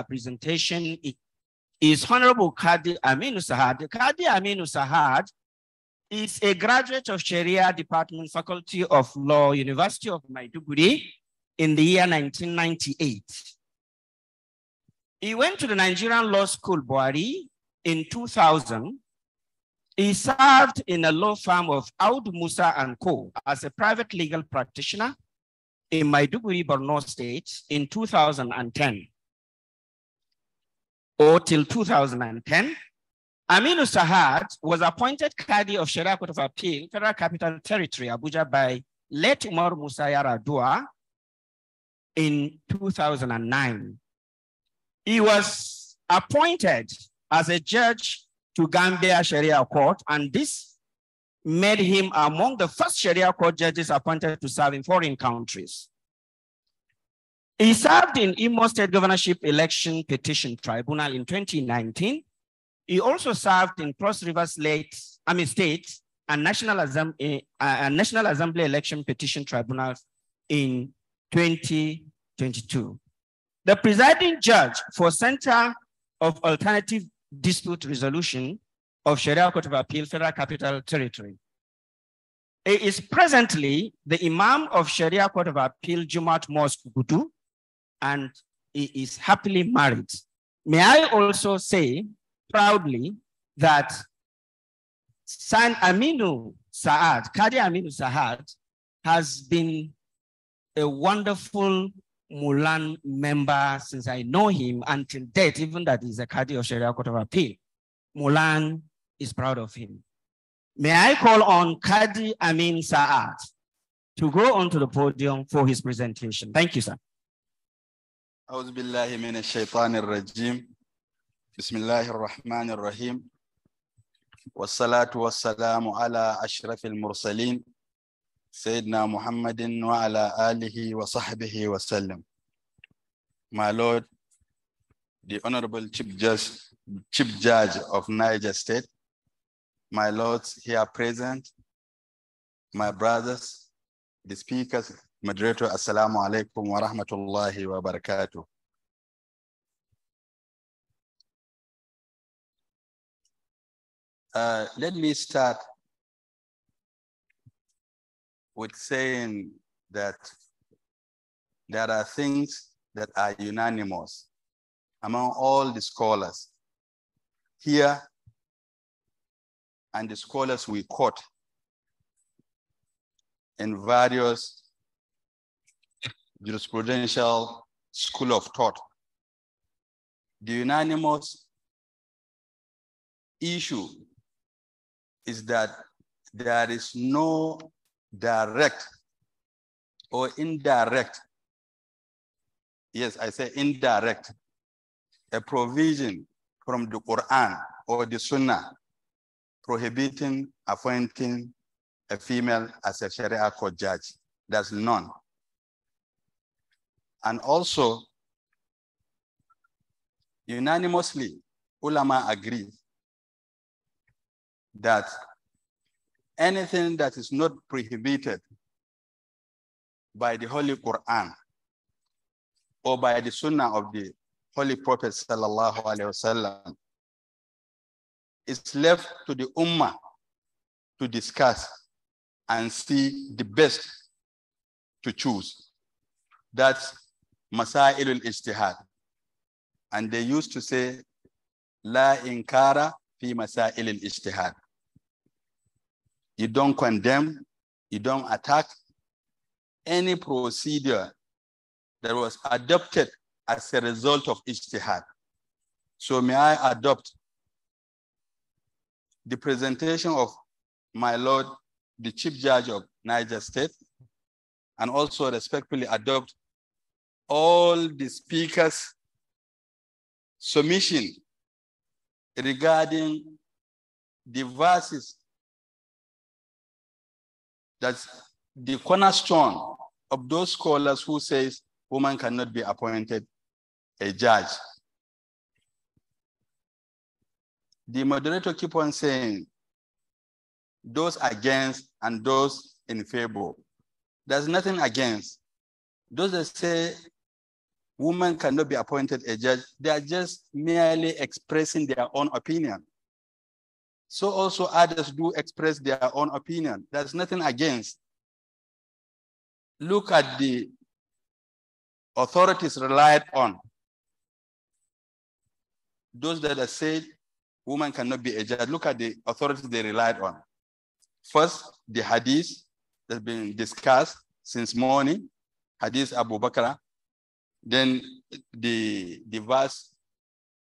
presentation is Honorable Kadi Aminu Sahad. Kadi Aminu Sahad is a graduate of Sharia Department, Faculty of Law, University of Maiduguri in the year 1998. He went to the Nigerian Law School, Boari, in 2000. He served in a law firm of Aud Musa and Co. as a private legal practitioner in Maiduguri, Borno State in 2010 or till 2010, Aminu Sahad was appointed Qadi of Sharia Court of Appeal, Federal Capital Territory, Abuja, by late Umar Musa Yaradua in 2009. He was appointed as a judge to Gambia Sharia Court, and this made him among the first Sharia Court judges appointed to serve in foreign countries. He served in Imo State Governorship Election Petition Tribunal in 2019. He also served in Cross River State, I mean State and National, Assembly, eh, uh, National Assembly Election Petition Tribunal in 2022. The presiding judge for Center of Alternative Dispute Resolution of Sharia Court of Appeal, Federal Capital Territory. He is presently the Imam of Sharia Court of Appeal, Jumat Mosque, Gudu, and he is happily married. May I also say proudly that San Aminu Saad, Kadi Aminu Saad, has been a wonderful Mulan member since I know him until date, even that he's a Kadi of Sharia Court of Appeal. Mulan is proud of him. May I call on Kadi Amin Saad to go onto the podium for his presentation. Thank you, sir. أعوذ بالله من الشيطان الرجيم بسم الله الرحمن الرحيم والصلاة والسلام على أشرف المرسلين سيدنا محمد وعلى آله وصحبه وسلم My Lord, the Honorable Chief Judge, Chief Judge of Niger State, my lords here present, my brothers, the speakers Moderator, Assalamu alaikum wa rahmatullahi wa barakatuh. Uh, let me start with saying that there are things that are unanimous among all the scholars here and the scholars we quote in various jurisprudential school of thought, the unanimous issue is that there is no direct or indirect, yes, I say indirect, a provision from the Quran or the Sunnah prohibiting appointing a female as a Sharia court judge. There's none. And also, unanimously, ulama agree that anything that is not prohibited by the Holy Quran or by the Sunnah of the Holy Prophet sallallahu alaihi wasallam is left to the Ummah to discuss and see the best to choose. That masailul ijtihad. And they used to say, la inkara fi masailul ijtihad. You don't condemn, you don't attack any procedure that was adopted as a result of ijtihad. So may I adopt the presentation of my Lord, the Chief Judge of Niger State, and also respectfully adopt all the speakers' submission regarding the verses that's the cornerstone of those scholars who says woman cannot be appointed a judge. The moderator keep on saying those against and those in favor. There's nothing against. Those that say women cannot be appointed a judge. They are just merely expressing their own opinion. So also others do express their own opinion. There's nothing against. Look at the authorities relied on. Those that have said women cannot be a judge, look at the authorities they relied on. First, the hadith that's been discussed since morning, hadith Abu Bakr then the, the verse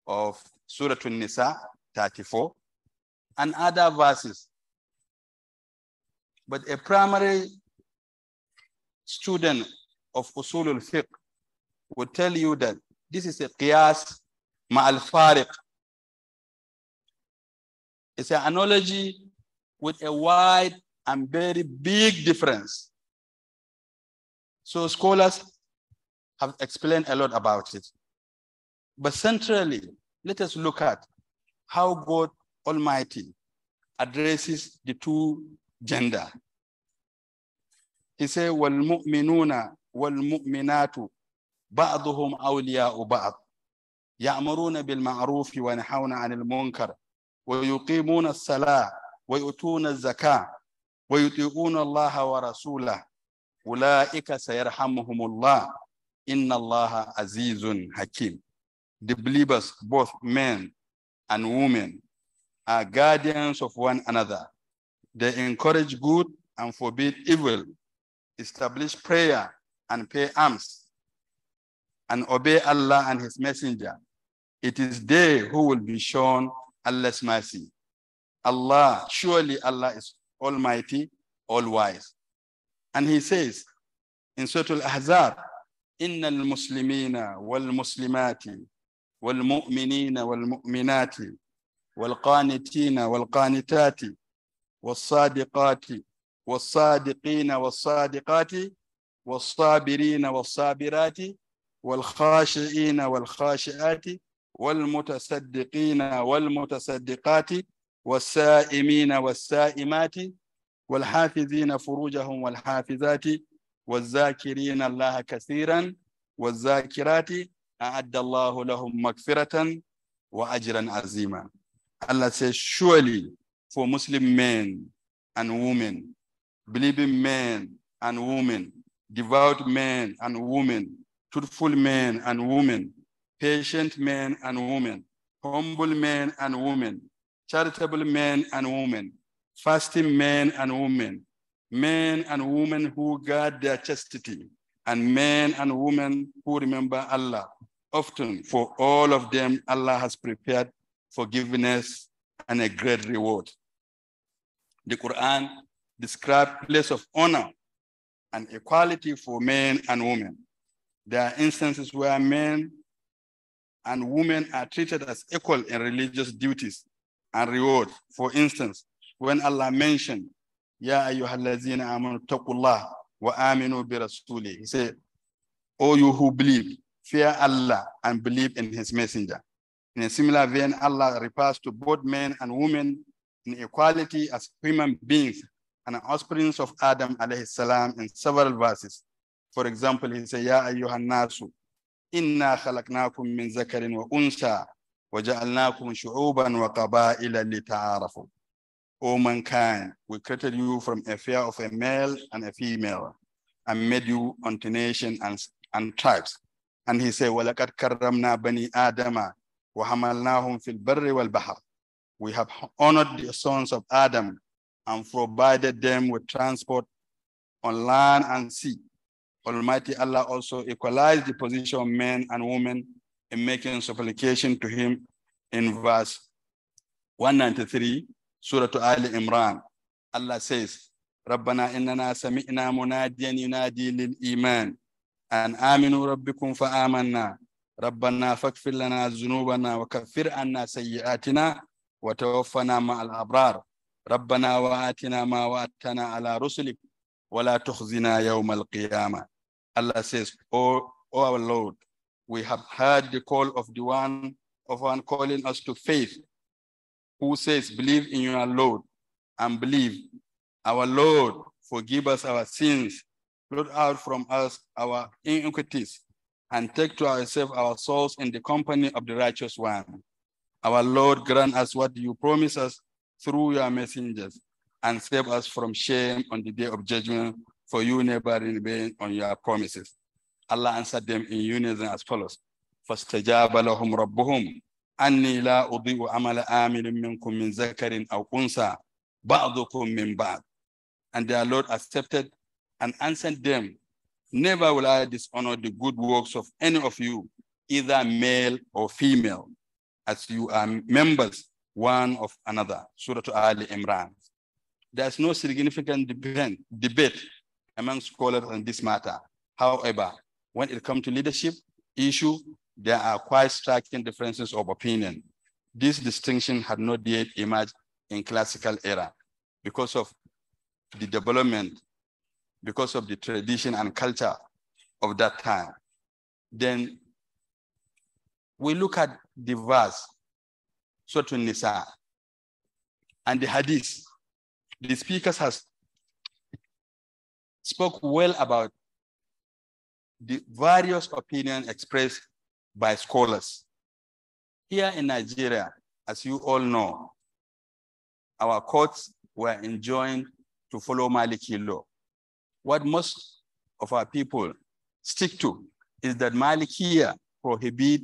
of Surah An-Nisa 34 and other verses. But a primary student of Usul al-Fiqh will tell you that this is a qiyas ma'al fariq. It's an analogy with a wide and very big difference. So scholars have explained a lot about it. But centrally, let us look at how God Almighty addresses the two gender. He said, Wal mu'minuna wal mu'minatu ba'duhum awliya'u ba'd. يأمرون بالمعروف وينهون عن المنكر ويقيمون الصلاة ويؤتون الزكاة ويطيعون الله ورسوله أولئك سيرحمهم Inna Allah Azizun Hakim. The believers, both men and women, are guardians of one another. They encourage good and forbid evil, establish prayer and pay alms, and obey Allah and His Messenger. It is they who will be shown Allah's mercy. Allah, surely Allah is Almighty, All Wise. And He says in Surah Al Ahzab, إن المسلمين والمسلمات والمؤمنين والمؤمنات والقانتين والقانتات والصادقات والصادقين والصادقات والصابرين والصابرات والخاشعين والخاشعات والمتصدقين والمتصدقات والسائمين والسائمات والحافظين فروجهم والحافظات والذاكرين الله كثيرا والذاكرات أعد الله لهم مغفرة وأجرا عظيما Allah says surely for Muslim men and women believing men and women devout men and women truthful men and women patient men and women humble men and women charitable men and women fasting men and women men and women who guard their chastity, and men and women who remember Allah. Often, for all of them, Allah has prepared forgiveness and a great reward. The Quran describes place of honor and equality for men and women. There are instances where men and women are treated as equal in religious duties and rewards. For instance, when Allah mentioned Ya ayyuhallazina amanu taqullah wa aminu bi rasuli. He said, O you who believe, fear Allah and believe in his messenger. In a similar vein, Allah refers to both men and women in equality as human beings and offspring of Adam alayhi salam in several verses. For example, he says, Ya ayyuhan inna khalaqnakum min zakarin wa unsha, wa ja'alnakum shu'uban wa qaba'ila lita'arafu. O mankind, we created you from a pair of a male and a female, and made you unto nations and, and tribes. And he said, We have honored the sons of Adam and provided them with transport on land and sea. Almighty Allah also equalized the position of men and women in making supplication to him in verse 193 Surah Al Imran. Allah says, Rabbana innana sami'na munadiyan yunadi lil iman. An aminu rabbikum fa amanna. Rabbana fakfir lana zunubana wa kafir anna sayyatina wa tawaffana ma'al abrar. Rabbana wa atina ma wa ala rusulik wa la tukhzina yawm al qiyamah. Allah says, "O oh our Lord, we have heard the call of the one of one calling us to faith who says, Believe in your Lord and believe. Our Lord, forgive us our sins, blot out from us our iniquities, and take to ourselves our souls in the company of the righteous one. Our Lord, grant us what you promise us through your messengers, and save us from shame on the day of judgment, for you never remain on your promises. Allah answered them in unison as follows. فاستجاب لهم ربهم أني لا أضيء عمل آمل منكم من ذكر أو أنثى بعضكم من بعض and their Lord accepted and answered them never will I dishonor the good works of any of you either male or female as you are members one of another Surah Al Imran there's no significant debate among scholars on this matter however when it comes to leadership issue there are quite striking differences of opinion. This distinction had not yet emerged in classical era because of the development, because of the tradition and culture of that time. Then we look at the verse, Surah Nisa, and the hadith. The speakers has spoke well about the various opinions expressed by scholars. Here in Nigeria, as you all know, our courts were enjoined to follow Maliki law. What most of our people stick to is that Malikiya prohibit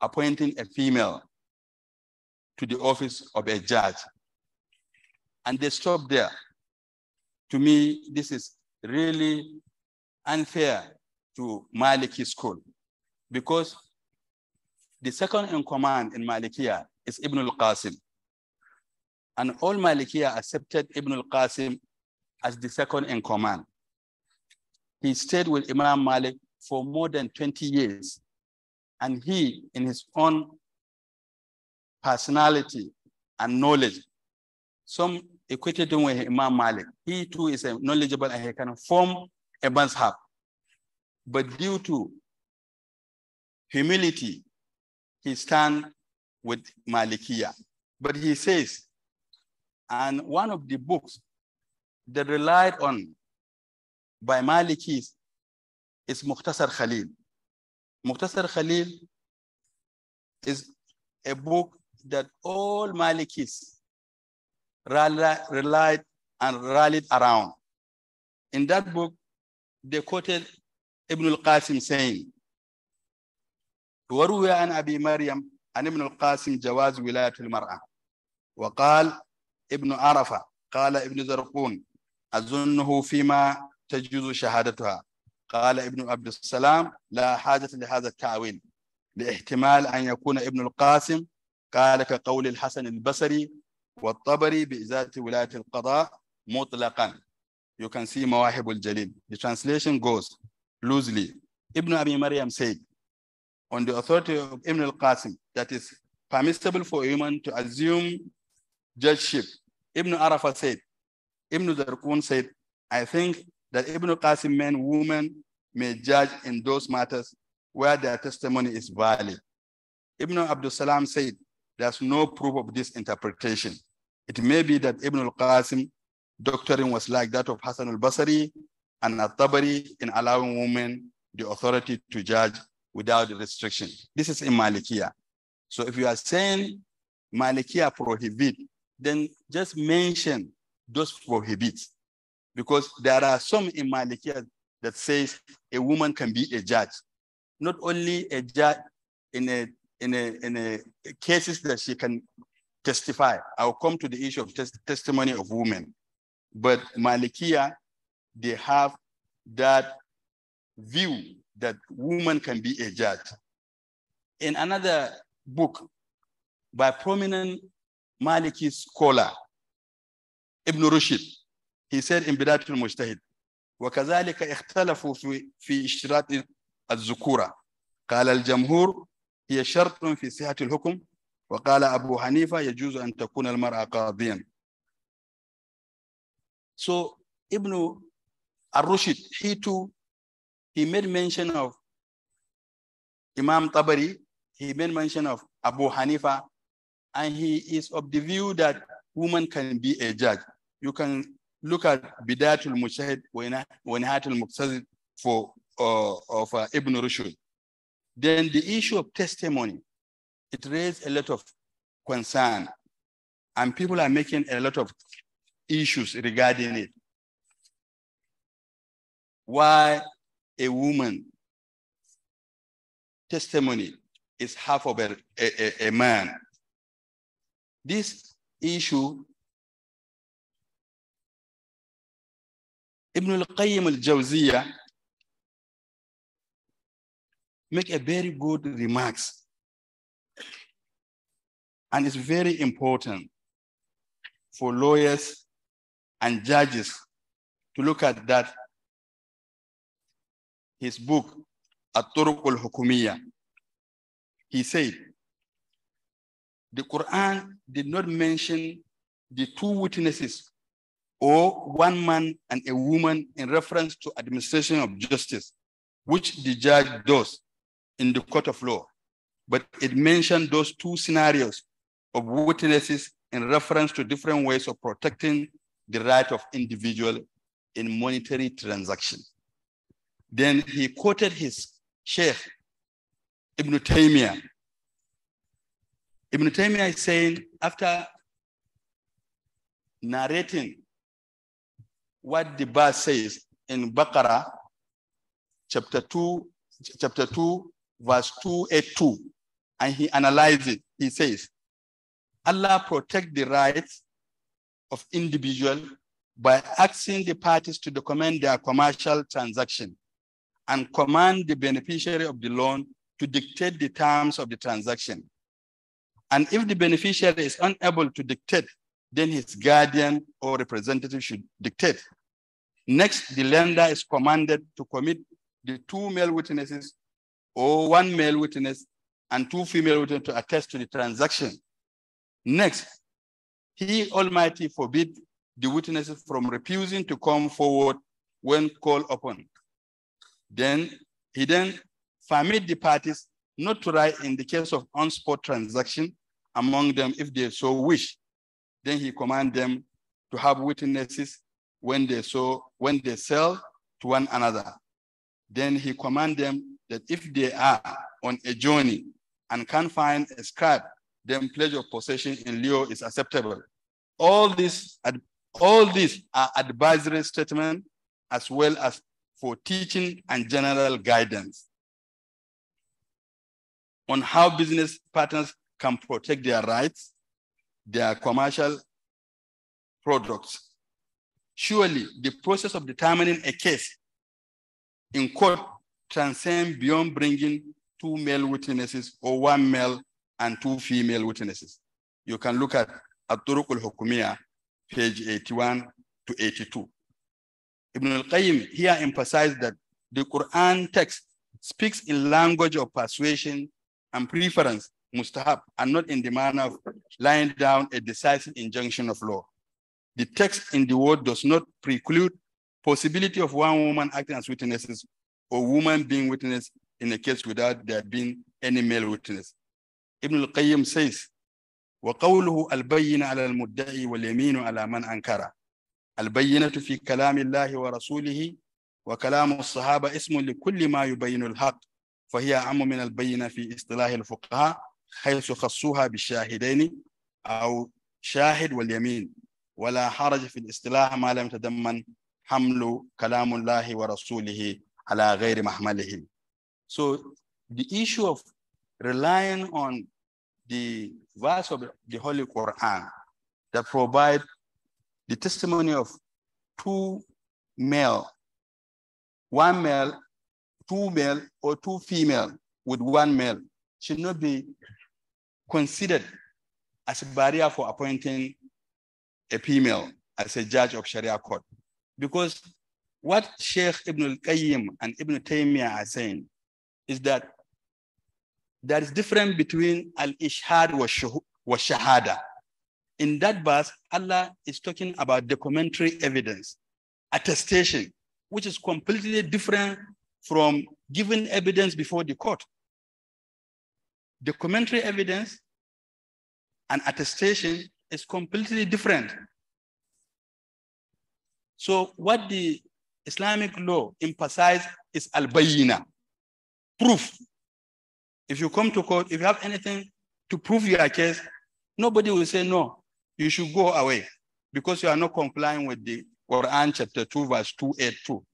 appointing a female to the office of a judge. And they stop there. To me, this is really unfair to Maliki school because the second in command in Malikiya is Ibn al-Qasim. And all Malikiya accepted Ibn al-Qasim as the second in command. He stayed with Imam Malik for more than 20 years. And he, in his own personality and knowledge, some equated him with Imam Malik. He too is knowledgeable and he can form a mazhab. But due to humility, he stand with Malikiya. But he says, and one of the books that relied on by Malikis is Muqtasar Khalil. Muqtasar Khalil is a book that all Malikis relied and rallied around. In that book, they quoted ابن القاسم سين وروي عن أبي مريم عن ابن القاسم جواز ولاية المرأة وقال ابن عرفة قال ابن زرقون أظنه فيما تجوز شهادتها قال ابن عبد السلام لا حاجة لهذا التعويل لاحتمال أن يكون ابن القاسم قال كقول الحسن البصري والطبري بإزالة ولاية القضاء مطلقا You can see مواهب الجليل The translation goes loosely. Ibn Abi Maryam said, on the authority of Ibn al-Qasim, that is permissible for a woman to assume judgeship. Ibn Arafah said, Ibn Zarqun said, I think that Ibn al-Qasim men, women may judge in those matters where their testimony is valid. Ibn Abdul Salam said, there's no proof of this interpretation. It may be that Ibn al-Qasim doctrine was like that of Hassan al-Basri and authority tabari in allowing women the authority to judge without restriction. This is in So if you are saying malikia prohibit, then just mention those prohibits because there are some in that says a woman can be a judge, not only a judge in a in a in a cases that she can testify. I'll come to the issue of testimony of women, but malikia they have that view that woman can be a judge. In another book by prominent Maliki scholar, Ibn Rushd, he said in Bidat al-Mujtahid, وكذلك اختلفوا في في اشتراط الذكوره قال الجمهور هي شرط في صحه الحكم وقال ابو Hanifa يجوز ان تكون المراه قاضيا so ibn Arushid, rushid he too, he made mention of Imam Tabari, he made mention of Abu Hanifa, and he is of the view that woman can be a judge. You can look at Bidatul Mujtahid wa Nahatul Muqtazid for uh, of uh, Ibn Rushd. Then the issue of testimony, it raised a lot of concern, and people are making a lot of issues regarding it why a woman testimony is half of a, a, a man. This issue, Ibn al-Qayyim al-Jawziyah make a very good remarks. And it's very important for lawyers and judges to look at that his book, At-Turuq al-Hukumiyya, he said, the Quran did not mention the two witnesses or one man and a woman in reference to administration of justice, which the judge does in the court of law. But it mentioned those two scenarios of witnesses in reference to different ways of protecting the right of individual in monetary transactions. Then he quoted his Sheikh Ibn Taymiyyah. Ibn Taymiyyah is saying, after narrating what the verse says in Baqarah, chapter 2, chapter 2, verse 282, and he analyzes it. He says, Allah protect the rights of individual by asking the parties to document their commercial transaction and command the beneficiary of the loan to dictate the terms of the transaction. And if the beneficiary is unable to dictate, then his guardian or representative should dictate. Next, the lender is commanded to commit the two male witnesses or one male witness and two female witnesses to attest to the transaction. Next, he Almighty forbid the witnesses from refusing to come forward when called upon then he then permit the parties not to write in the case of on-spot transaction among them if they so wish. Then he command them to have witnesses when they so when they sell to one another. Then he command them that if they are on a journey and can find a scribe, then pledge of possession in lieu is acceptable. All this all these are advisory statements as well as for teaching and general guidance on how business partners can protect their rights, their commercial products. Surely, the process of determining a case in court transcends beyond bringing two male witnesses or one male and two female witnesses. You can look at Abdurukul Hukumia, page 81 to 82. Ibn al-Qayyim here emphasized that the Quran text speaks in language of persuasion and preference, mustahab, and not in the manner of laying down a decisive injunction of law. The text in the word does not preclude possibility of one woman acting as witnesses or woman being witness in a case without there being any male witness. Ibn al-Qayyim says, وقوله البين على المدعي واليمين على من أنكره البينة في كلام الله ورسوله وكلام الصحابة اسم لكل ما يبين الحق فهي أعم من البينة في اصطلاح الفقهاء حيث خصوها بالشاهدين أو شاهد واليمين ولا حرج في الاصطلاح ما لم تدمن حمل كلام الله ورسوله على غير محمله. So the issue of relying on the verse of the Holy Quran that provide the testimony of two male, one male, two male, or two female with one male should not be considered as a barrier for appointing a female as a judge of Sharia court. Because what Sheikh Ibn al-Qayyim and Ibn Taymiyyah are saying is that there is difference between al-ishhad wa shahada in that verse, Allah is talking about documentary evidence, attestation, which is completely different from giving evidence before the court. Documentary evidence and attestation is completely different. So what the Islamic law emphasizes is al-bayina, proof. If you come to court, if you have anything to prove your case, nobody will say no you should go away because you are not complying with the Quran chapter 2, verse 282.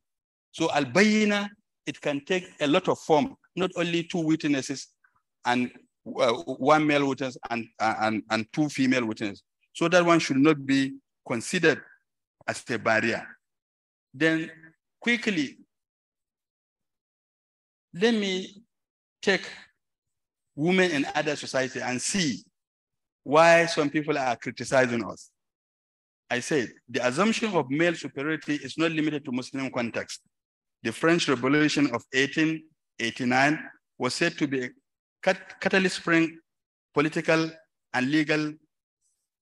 So al bayina it can take a lot of form, not only two witnesses and uh, one male witness and, uh, and, and two female witnesses. So that one should not be considered as a barrier. Then quickly, let me take women in other society and see why some people are criticizing us. I said, the assumption of male superiority is not limited to Muslim context. The French Revolution of 1889 was said to be a cat catalyst for political and legal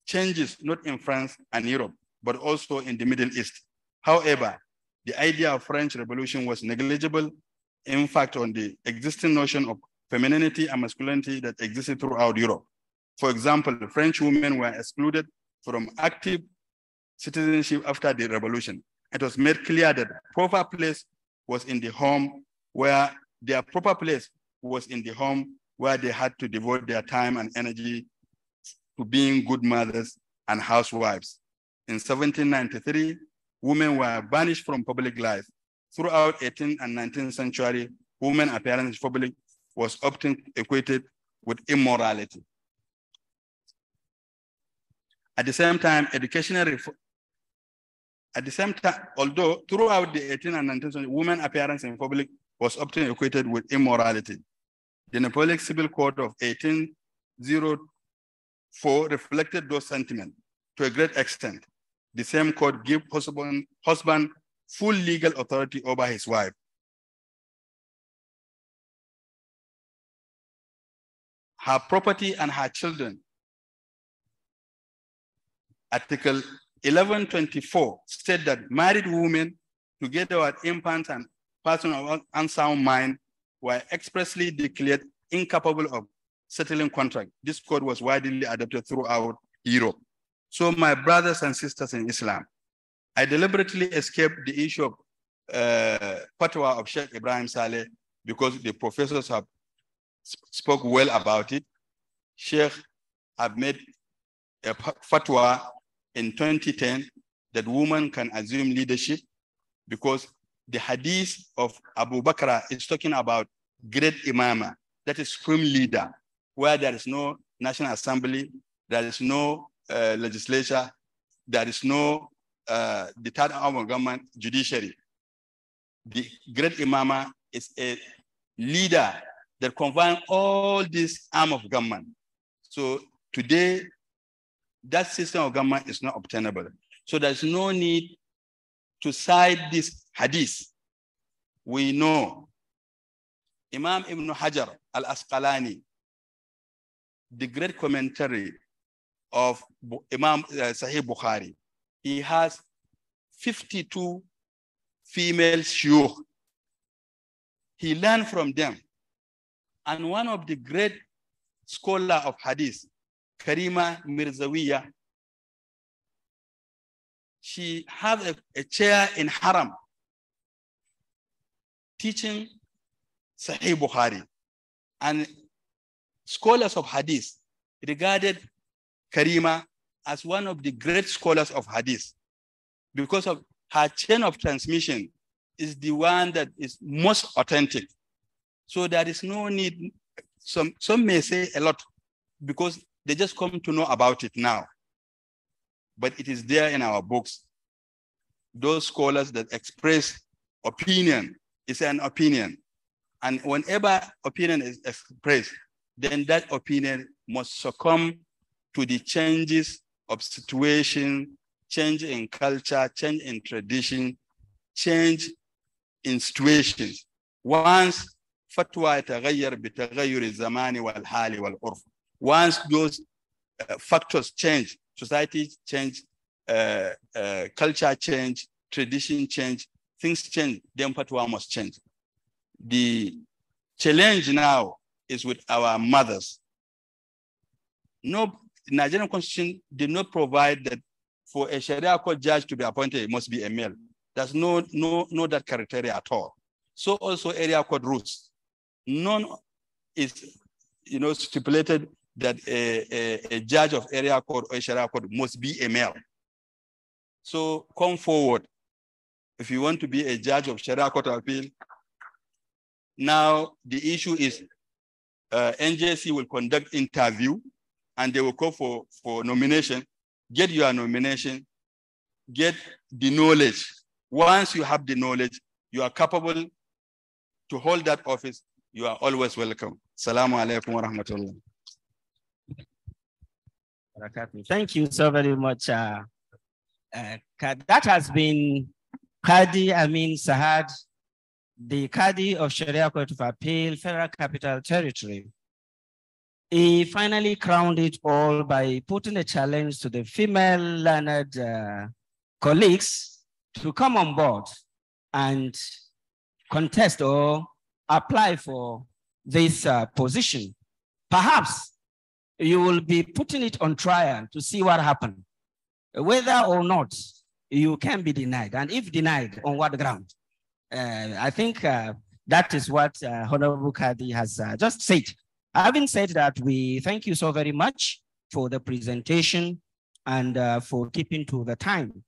changes, not in France and Europe, but also in the Middle East. However, the idea of French Revolution was negligible, in fact, on the existing notion of femininity and masculinity that existed throughout Europe. For example, French women were excluded from active citizenship after the revolution. It was made clear that proper place was in the home where their proper place was in the home where they had to devote their time and energy to being good mothers and housewives. In 1793, women were banished from public life. Throughout 18th and 19th century, women appearance publicly public was often equated with immorality. At the same time, educational reform. At the same time, although throughout the 18th and 19th century, women appearance in public was often equated with immorality. The Napoleonic Civil Code of 1804 reflected those sentiments to a great extent. The same code gave husband, husband full legal authority over his wife. Her property and her children Article 1124 said that married women, together with infants and persons of unsound mind, were expressly declared incapable of settling contract. This code was widely adopted throughout Europe. So my brothers and sisters in Islam, I deliberately escaped the issue of uh, fatwa of Sheikh Ibrahim Saleh because the professors have spoke well about it. Sheikh have made a fatwa in 2010 that women can assume leadership because the hadith of Abu Bakr is talking about great imama, that is supreme leader, where there is no national assembly, there is no uh, legislature, there is no uh, the third arm of government, judiciary. The great imama is a leader that combines all these arm of government. So today, that system of government is not obtainable. So there's no need to cite this hadith. We know Imam Ibn Hajar al Asqalani, the great commentary of Imam uh, Sahih Bukhari, he has 52 female shiur. He learned from them. And one of the great scholar of hadith, Karima Mirzawiya. She has a, a chair in Haram teaching Sahih Bukhari. And scholars of Hadith regarded Karima as one of the great scholars of Hadith because of her chain of transmission is the one that is most authentic. So there is no need, some, some may say a lot because they just come to know about it now. But it is there in our books. Those scholars that express opinion, it's an opinion. And whenever opinion is expressed, then that opinion must succumb to the changes of situation, change in culture, change in tradition, change in situations. Once فتوى يتغير بتغير الزمان والحال والعرف once those uh, factors change, society change, uh, uh, culture change, tradition change, things change, then one must change. The challenge now is with our mothers. No, Nigerian constitution did not provide that for a Sharia court judge to be appointed, it must be a male. There's no, no, no that criteria at all. So also area court rules. None is, you know, stipulated that a, a, a judge of area court or Sharia court must be a male. So come forward if you want to be a judge of Sharia court appeal. Now the issue is uh, NJC will conduct interview and they will call for, for nomination. Get your nomination, get the knowledge. Once you have the knowledge, you are capable to hold that office. You are always welcome. Salamu alaikum wa rahmatullah. Thank you so very much. Uh, uh, that has been Kadi Amin Sahad, the Kadi of Sharia Court of Appeal, Federal Capital Territory. He finally crowned it all by putting a challenge to the female learned uh, colleagues to come on board and contest or apply for this uh, position. Perhaps you will be putting it on trial to see what happened, whether or not you can be denied. And if denied, on what ground? Uh, I think uh, that is what uh, Honorable Kadi has uh, just said. Having said that, we thank you so very much for the presentation and uh, for keeping to the time.